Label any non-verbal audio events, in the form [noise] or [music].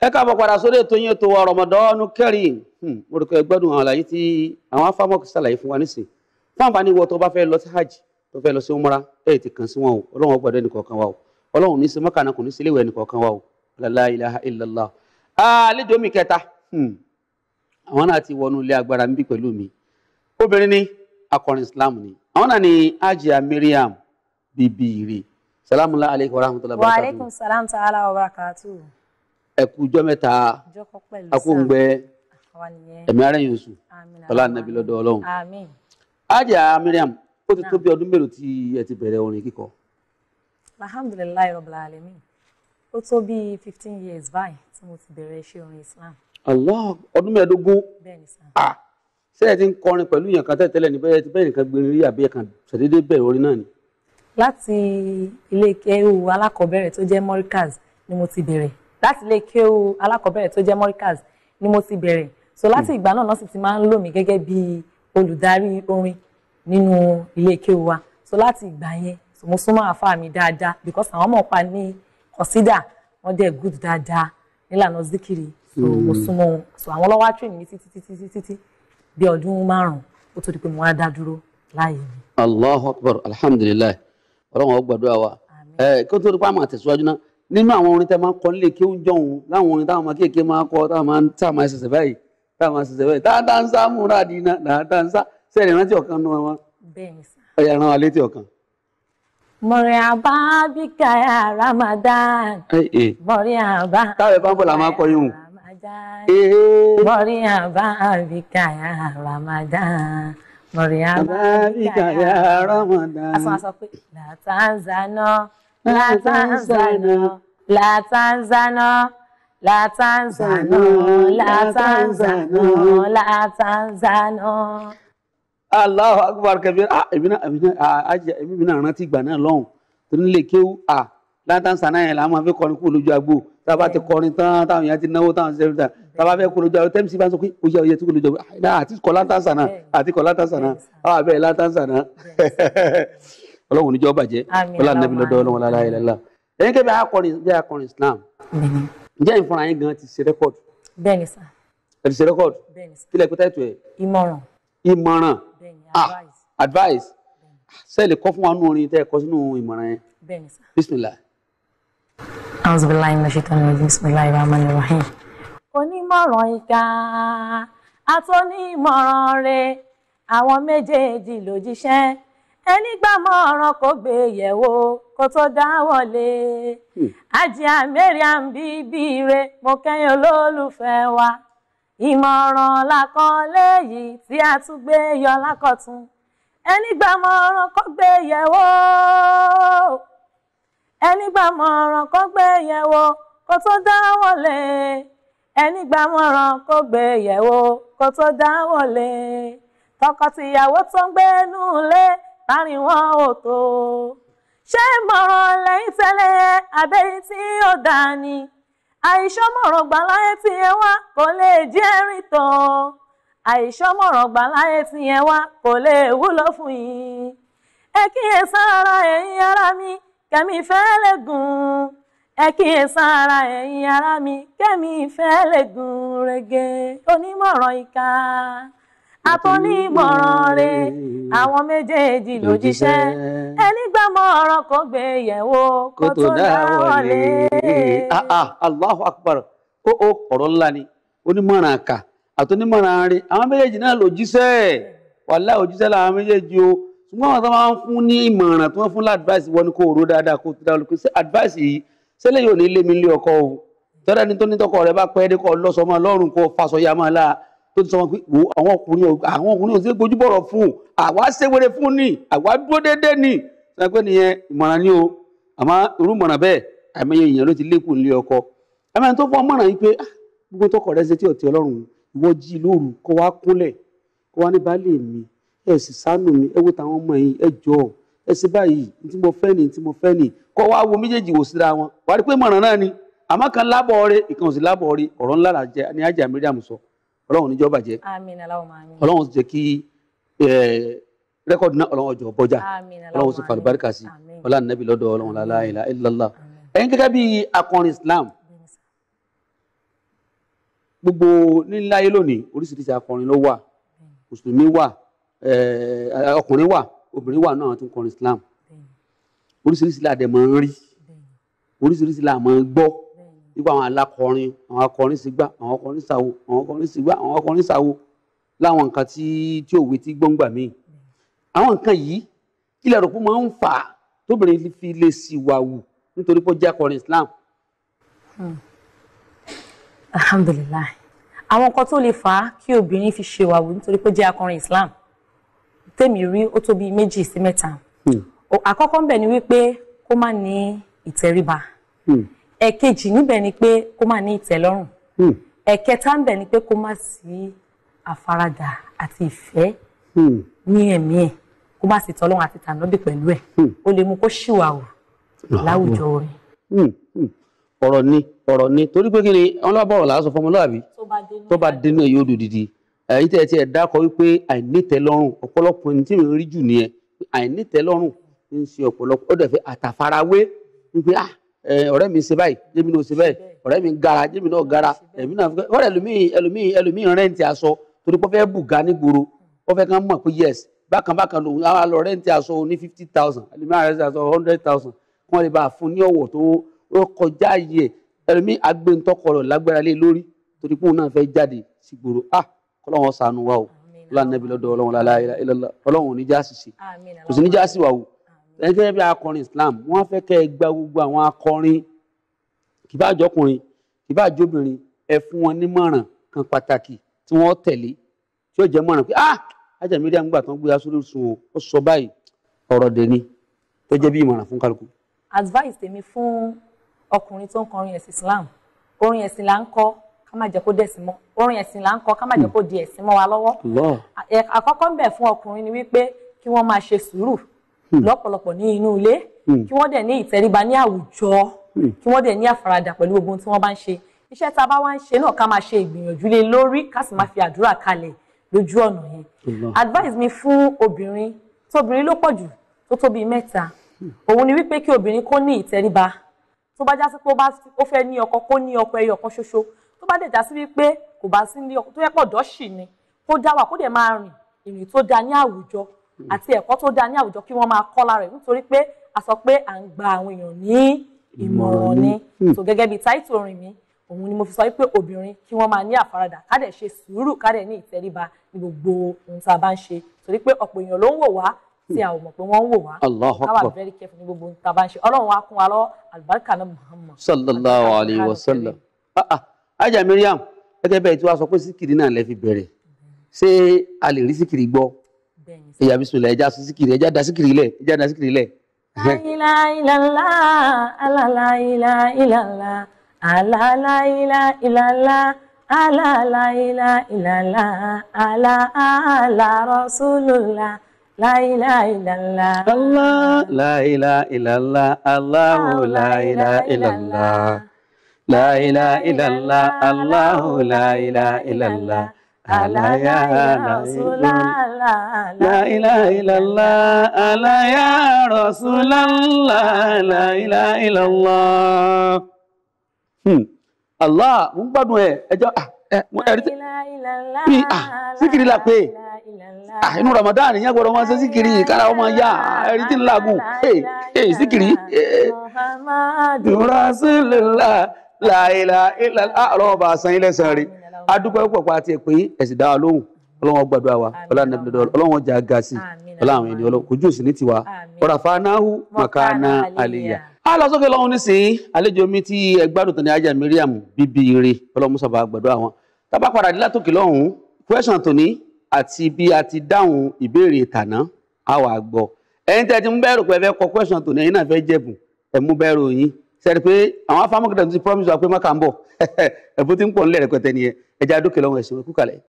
ẹ káàbọ̀ padà sórí ètò yín ètò wa Ramadan Kareem hmm, mo rò pé gbọ́dùn àwọn àlàyé tí àwọn afámọ́kì ṣàlàyé fún wa nísìn fún àǹfààní ìwọ tó bá fẹ́ lọ sí hajj tó fẹ́ lọ sí umra ẹ̀ ti kàn sí wọn o ọlọ́run ó gbàdúrà ẹnìkọ̀ọ̀kan wa o ọlọ́run ní sí mọ́kànnà kò ní sí iléèwé ẹnìkọ̀ọ̀kan wa o la ilaha illallah. àlejò mi kẹta hmm, àwọn náà ti wọnú ilé agbára níbí pẹ̀lú mi obìnrin ni akọrin Islam ni àwọn náà ni Hajiya Mariam Bibire salamu alaykum wa rahmatulahi wa barakatuh. wa aleykum salam ta'ala wa barakatuh ẹkú ọjọ́ mẹ́ta akóńgbẹ ẹ̀mí ara yẹn sùn ọlá nàbí lọ́dọ̀ Ọlọ́run ájà Mariam ó ti tó bí ọdún mélòó tí ẹ ti bẹ̀rẹ̀ orin kíkọ. alhamdulilayi rabbil alamin ó tó bí fifteen years báyìí tí mo ti bẹ̀rẹ̀ iṣẹ́ orin Islam. allah ọdún mẹ́ẹ̀ẹ́dógún ah ṣé ẹ ti ń kọrin pẹ̀lú yẹn kan tẹ́lẹ̀tẹ́lẹ̀ ní bẹ́ẹ̀ ti bẹ́ẹ̀ nìkan gbẹ̀rin rí àbí ẹ̀kan ṣàdédé bẹ̀rẹ̀ orin náà ni. láti ilé ẹ̀wù alákọ̀ọ́bẹ̀rẹ̀ tó jẹ́ Morikaz ni mo ti bẹ̀rẹ̀ láti ilé kéwú alákọ̀ọ́bẹ̀rẹ̀ tó jẹ́ Morikaz ni mo ti bẹ̀rẹ̀ so láti ìgbà náà náà sì ti máa ń lò mí gẹ́gẹ́ bí olùdarí orin nínú ilé kéwú wa so láti ìgbà yẹn so mo súnmọ́ àfa mi dáadáa because àwọn ọmọ pa ní kọ̀sídà wọ́n dẹ̀ good dáadáa nílànà zikiri so mo hmm. súnmọ́ wọn so àwọn lọ́wọ́ train mi títí títí títí bí ọdún márùn-ún ó tó di pé mo wá dá dúró láàyè mi. Allahu Akbar alhamdulilayi ọlọ́run ó gbàdúrà wa kí o tó rí àmọ́ àtẹ̀síwájú náà nínú àwọn orin tẹ́ máa ń kọ nílé kí ó ń jọ̀hún láwọn orin táwọn kéèké máa ń kọ táwọn máa ń táwọn máa ń ṣẹ̀ṣẹ̀ báyìí táwọn máa ń ṣẹ̀ṣẹ̀ báyìí dáadáa ń sá múra dínà dáadáa ń sá sẹ́ẹ̀rì rántí ọ̀kan nù wọn. bẹ́ẹ̀ni sá. ọyà ràn wá létí ọ̀kan. mọ̀rẹ́ àbá bí káyà Ramadan. mọ̀rẹ́ àbá. táwọn ìbá ń máa kọ yín hù. mọ̀rẹ́ àbá bí káyà Ramadan. mọ̀rẹ́ àbá bí káyà Ramadan. La Tanzano, La Tanzano, La Tanzano, La Tanzano, La Tanzano. Allahu Akbar kabir ah èmi náà èmi náà àjẹ ah, ah, èmi náà rántí ìgbà náà lọ́hùn tó ní lè kéwù à látàǹsánà yẹn làwọn máa fi kọrin kúrò lójú agbo tá a bá ti kọrin tán táwọn èèyàn ti náwó táwọn ṣe tán tá a bá fẹ́ kúrò lójú agbo tẹ́mísì bá ń sọ pé ó yẹ ó yẹ tí kò lójú agbo ah, àti kọ látàǹsánà àti kọ látàǹsánà àwọn àbẹ̀rẹ̀ látàǹsánà ọlọ́run níjọ́ bàjẹ́ ọlá nàbí lọ́dọ̀ ọlọ́run lálá ilẹ̀ la ẹ̀yin kẹ́bi akọrin jẹ́ akọrin Islam ǹjẹ́ ìfúnra yín gan ti ṣe rẹ́kọ̀d. bẹ́ẹ̀ni sá. ẹ ti ṣe rẹ́kọ̀d. bẹ́ẹ̀ni sá. kílẹ̀ kúta ètò ẹ̀. ìmọ̀ràn. ìmọ̀ràn. bẹ́ẹ̀ni ah, advice. advice. sẹ́ẹ̀lì kọ́ fún wa nù orin tẹ́ ẹ kọ́ sínú ìmọ̀ràn yẹn. bẹ́ẹ̀ni sá. bismillah. auzu billahi minash shaitani rajim bismillahir rahmanir rahim. onímọ̀ràn ìka àtọ́nímọ̀ràn rẹ̀ àwọn méjèèjì lòjíṣẹ́ ẹni gbà mọ ọ̀ràn kó gbé yẹ̀wò kó tó dáwọ́lé Àjíà Mariam bíbí re mo kẹ́yìn olólùfẹ́ wa ìmọ̀ràn làkọlé yìí tí a tún gbé yọ lákọ̀tún ẹni gbà mọ ọ̀ràn kó gbé yẹ̀wò ẹni gbà mọ ọ̀ràn kó gbé yẹ̀wò kó tó dáwọ́lé ẹni gbà mọ ọ̀ràn kó gbé yẹ̀wò kó tó dáwọ́lé tọkọtìyàwó tó ń gbénú lé láàrin wọn ò tó ṣé mọ̀ràn lẹ́yìn tẹ́lẹ̀ abẹ́yìn tí ó dà ní àìṣọ́mọ̀ràn gbà láyé tí ẹ wá kò lè jẹ́ rìn tán àìṣọ́mọ̀ràn gbà láyé tí ẹ wá kò lè wúlò fún yín ẹ kíyè sára ẹ̀yin ara mi kẹ́mi fẹ́ lè gùn ẹ kíyè sára ẹ̀yin ara mi kẹ́mi fẹ́ lè gùn rege onímọ̀ràn ìka àtọ́nímọ̀ràn rẹ̀ àwọn méjèèjì ló jíṣẹ́ ẹni gbà mọ ọ̀rọ̀ kan gbé yẹ̀wò kó tó dáwọ́lé. Ah, ah, Allahu akbar ó ó ọ̀rọ̀ ńlá ni onímọ̀ràn àkà àtọ́nímọ̀ràn rẹ̀ àwọn méjèèjì náà ló jíṣẹ́ wàhálà òjíṣẹ́ làwọn méjèèjì o ṣùgbọ́n àwọn tó máa ń fún ní ìmọ̀ràn tó ń fún láàdváìsì wọn ni kò ró dáadáa kó tó dáwọ́lé pé àdváìsì yìí sẹ́lẹ̀ yóò ní lé mi lé ọkọ o tọ́lá ẹni tó ní tọkọ rẹ bá pẹ́ dé kọ́ lọ́sọ̀ọ́ máa lọ́rùn kó fasọ̀yà máa láa tó ti sọ wọn pé wo àwọn ọkùnrin àwọn ọkùnrin ò sí gbójú bọ̀rọ̀ fún àwa ṣèwéré fún ni àwa dúró déédéé ni sọ nìyẹn ìmọ̀ràn ni o àmọ́ irú mọ̀ràn bẹ́ẹ̀ àìmọye èèyàn ló ti lékùn nílé ọkọ àmọ́ tó fọ́ mọ̀ràn yìí pé ah, gbogbo tọkọ rẹ ṣe tí ọ̀tí ọlọ́run ìwọ jí lóru kó wá kúnlẹ̀ kó wá ní baálé mi ẹ sì ṣàánú mi ẹ wo tàwọn ọmọ yìí ẹ jọ ẹ sì báyìí tí mo fẹ́ ni tí mo fẹ́ ni kó wá wo méjèèjì wò síra wọn wà á rí pé mọ̀ràn náà ni àmọ́ kan lábọ̀ ọ̀rẹ́ ìkan ò sí ni ajá mẹ́ríàmù ọlọ́run níjọ́ bàjẹ́ ọlọ́run ti jẹ́ kí rẹ́kọ̀dì náà ọlọ́run ọjọ́ bọ́jà ọlọ́run sì fàlùbáríkà sí ọlá nàbí lọ́dọ̀ ọlọ́run la ilaha illallah ẹ̀yin gẹ́gẹ́ bí akọrin Islam gbogbo níláyé lónìí oríṣiríṣi akọrin ló wà mùsùlùmí wà ọkùnrin wà obìnrin wà náà tó ń kọrin Islam oríṣiríṣi làdẹ̀ máa ń rí oríṣiríṣi làmọ́ gbọ́ nípa àwọn alákọrin àwọn akọrin sígbà àwọn akọrin sàwo àwọn akọrin sígbà àwọn akọrin sàwo láwọn nǹkan tí tí òwe tí gbọ́ngbà míì àwọn nǹkan yìí kí lè rò pé máa ń fà á tóbìnrin fi lè sì wà wù nítorí pé ó jẹ́ akọrin Islam. Hmm. alhamdulilayi àwọn nǹkan tó lè fà á kí obìnrin fi ṣe wà wù nítorí pé ó jẹ́ akọrin Islam tèmi rí ó tó bíi méjì sí mẹ́ta hmm. àkọ́kọ́ ń bẹ̀ ni wípé kó má ní ìtẹríba. Hmm ẹ̀kejì níbẹ̀ ni pé kó máa ní ìtẹ́lọ́rùn hmm. ẹ̀kẹta ń bẹ̀ ni pé kó má sí àfaradà àti ìfẹ́ hmm. ní ẹ̀mí ẹ̀ kó má sí tọ́lọ́run àti tànàbí pẹ̀lú ẹ̀ hmm. ó lè mú kó ṣìwàwù ah. láwùjọ rẹ̀. ọ̀rọ̀ ni ọ̀rọ̀ ni torí pé kí ni ọlọ́bọ̀rọ̀ làásọ fọmọlúàbí tó bá dénú ẹ̀ yóò dòdìdì èyí tẹ́ ẹ ti ẹ̀ dákọ̀ wípé àìnítẹ́lọ́rùn ọ̀pọ̀lọpọ̀ ẹni tí mi rí jù nìyẹn àìnítẹ́lọ́rùn ń ṣe ọ̀pọ̀lọpọ̀ ó dẹ̀ fẹ́ àtàfarawé wípé ah Eh, ọ̀rẹ́ mi ṣe báyìí jẹ́mi náà ṣe báyìí ọ̀rẹ́ mi gara jẹ́mi náà gara ẹ̀mí náà fẹ́ ọ̀rẹ́ ẹlòmíì ẹlòmíì ẹlòmíì rẹ́ǹtì aṣọ torí pé ó fẹ́ bùgá ní gbòòrò ó fẹ́ kàn mọ̀ pé yes bákan bákan lòun á lọ rẹ́ǹtì aṣọ ní fifty thousand ẹlòmíì rẹ́ǹtì aṣọ hundred thousand kí wọ́n lè bá a fún ní ọ̀wọ̀ tó ó kọjá yẹ ẹlòmíì agbẹ́ntọ́kọ̀rọ̀ lágbára lé lórí torí pé òun náà fẹ́ jáde sí gbòòrò ah kọ́lọ́wọ́n ṣàánú wa o lánàá bí lọ́dọ̀ ọlọ́run lálẹ́ ọlọ́run ò já sí sí kò sí ní já sí wa gẹ́gẹ́ bí akọrin Islam wọ́n fẹ́ kẹ́ ẹ gba gbogbo àwọn akọrin kì bá jọkùnrin kì bá jóbìnrin ẹ fún wọn nímọ̀ràn kan pàtàkì tí wọ́n tẹ̀lé tí yóò jẹ́ mọ̀ràn pé ah ajami rí àgbà tó ń gbé aṣọ́lẹ̀ sùn o ó sọ báyìí ọ̀rọ̀ dẹni tó jẹ́ bí ìmọ̀ràn fún kálukú. advice tèmi fún ọkùnrin tó ń kọrin ẹ̀sìn Islam orin ẹ̀sìn là ń kọ ká má jẹ́ kó dẹ̀sìn mọ́ orin ẹ̀sìn là ń kọ ká má jẹ́ kó di ẹ̀sìn mọ́ wa lọ́wọ́ àkọ́kọ́ ń bẹ̀ fún ọkùnrin ni wípé kí wọ́n máa ṣe sùúrù Hmm. lọ́pọ̀lọpọ̀ ní inú ilé hmm. kí wọ́n dẹ̀ ní ìtẹríba ní àwùjọ hmm. kí wọ́n dẹ̀ ní àfaradà pẹ̀lú gbogbo ohun tí wọ́n bá ń ṣe iṣẹ́ tá a bá wá ń ṣe náà ká máa ṣe ìgbìyànjú lé lórí ká sì máa fi àdúrà kalẹ̀ lójú ọ̀nà yẹn advice mi fún obìnrin tóbìnrin ló pọ̀ jù tó tó bíi òun ni wípé kí obìnrin kó ní ìtẹríba tó bá já sí pé ó fẹ́ ní ọkọ kó ní ọkọ ẹyọ kan ṣoṣo tó bá dẹ̀ já sí wípé kò bá sí ní ọkọ tó yẹ pọ̀ dọ́ṣì ni kó dá wà kó dẹ̀ máa rìn ìrìn tó dáa ní àwùjọ Hmm. àti ẹ̀kọ́ tó dáa ní àwùjọ kí wọ́n máa kọ́ lára ẹ̀ nítorí pé a sọ pé à ń gba àwọn èèyàn ní ìmọ̀ràn ni hmm. so gẹ́gẹ́ bíi táìtò orin mi òun ni mo fi sọ pé obìnrin kí wọ́n máa ní àfaradà ká dẹ̀ ṣe sùúrù ká dẹ̀ ní ìtẹríba ní gbogbo ohun tá a bá ń ṣe torí pé ọ̀pọ̀ èèyàn ló ń wò wá tí a ò mọ̀ pé wọ́n ń wò wá. Allahu Akbar. káwa very careful ní gbogbo ohun tá a bá ń ṣe ọlọ́run á kún wa lọ́wọ́ àlùbáríkà náà Muhammad. sallallahu alayhi wa sallam. Ah, ah. ajá Mariam gẹ́gẹ́ bẹ́ẹ̀ tí wàá sọ pé síkìrì náà lẹ́ fi bẹ̀rẹ̀ ṣé a lè rí síkìrì gbọ́ ẹ̀yà bisimilá ẹja sọ síkìrì ẹja da síkìrì lẹ̀ ẹja da síkìrì lẹ̀. láìlá ìlàlá alàlàìlà ìlàlá alàlàìlà ìlàlá alàlàìlà ìlàlá alàlà rasulullah láìlá ìlàlá. láìlá Àláyà Rọ̀súlálà, láìlá ìlàlá, àláyà Rọ̀súlálà, láìlá ìlàlá. Allah, mo ń gbádùn ẹ̀, ẹjọ́, ah, ah, síkìrì la pé, ah, inú Ramadan ìyẹn gbọ́dọ̀ máa ṣe síkìrì, kára ọmọ ya, ẹ̀rí tí ń làágùn, síkìrì. Eh. Muhammadu Rasulullah, láìlá ìlàlá, àrọ̀ ọba àṣà ilẹ̀ sàrí adúpẹ́ púpọ̀ pa àti ẹ̀pẹ́ ẹ̀sìn dá wa lóhùn ọlọ́wọ́n gbàdúrà wa ọlọ́run nàbẹ̀dọ̀ ọlọ́wọ́n jà ga sí ọlọ́run ẹni ọlọ́run kojú òsì ní tiwa ọ̀ràfà náhù màkàna àlìyà. a lọ sókè lọ́hún nísìnyí àlejò mi tí ẹgbàdùn tó ní ajá Mariam bíbí ire ọlọ́run sábà gbàdúrà wọn. tábà padà dé látòkè lọ́hún kwẹ́sàn tòní àti bí a ti dáhùn ìbéèrè tàná a wà gbọ́ tẹ́ ti mú bẹ́ẹ̀rù pé ẹ fẹ́ kọ kwẹ́sàn tòní ẹ̀yin náà fẹ́ jẹ̀bù ẹ̀ mú bẹ́ẹ̀rù yín sẹ́ni pé àwọn afámọ́kẹ́tà tó ti promise wa pé má kà ń bọ̀ [laughs] ẹ̀fọ́ ti ń pọ̀ nílẹ̀ rẹpẹtẹ nìyẹn ẹja dókè lọ́wọ́ ẹ̀sìn kúkàlẹ̀.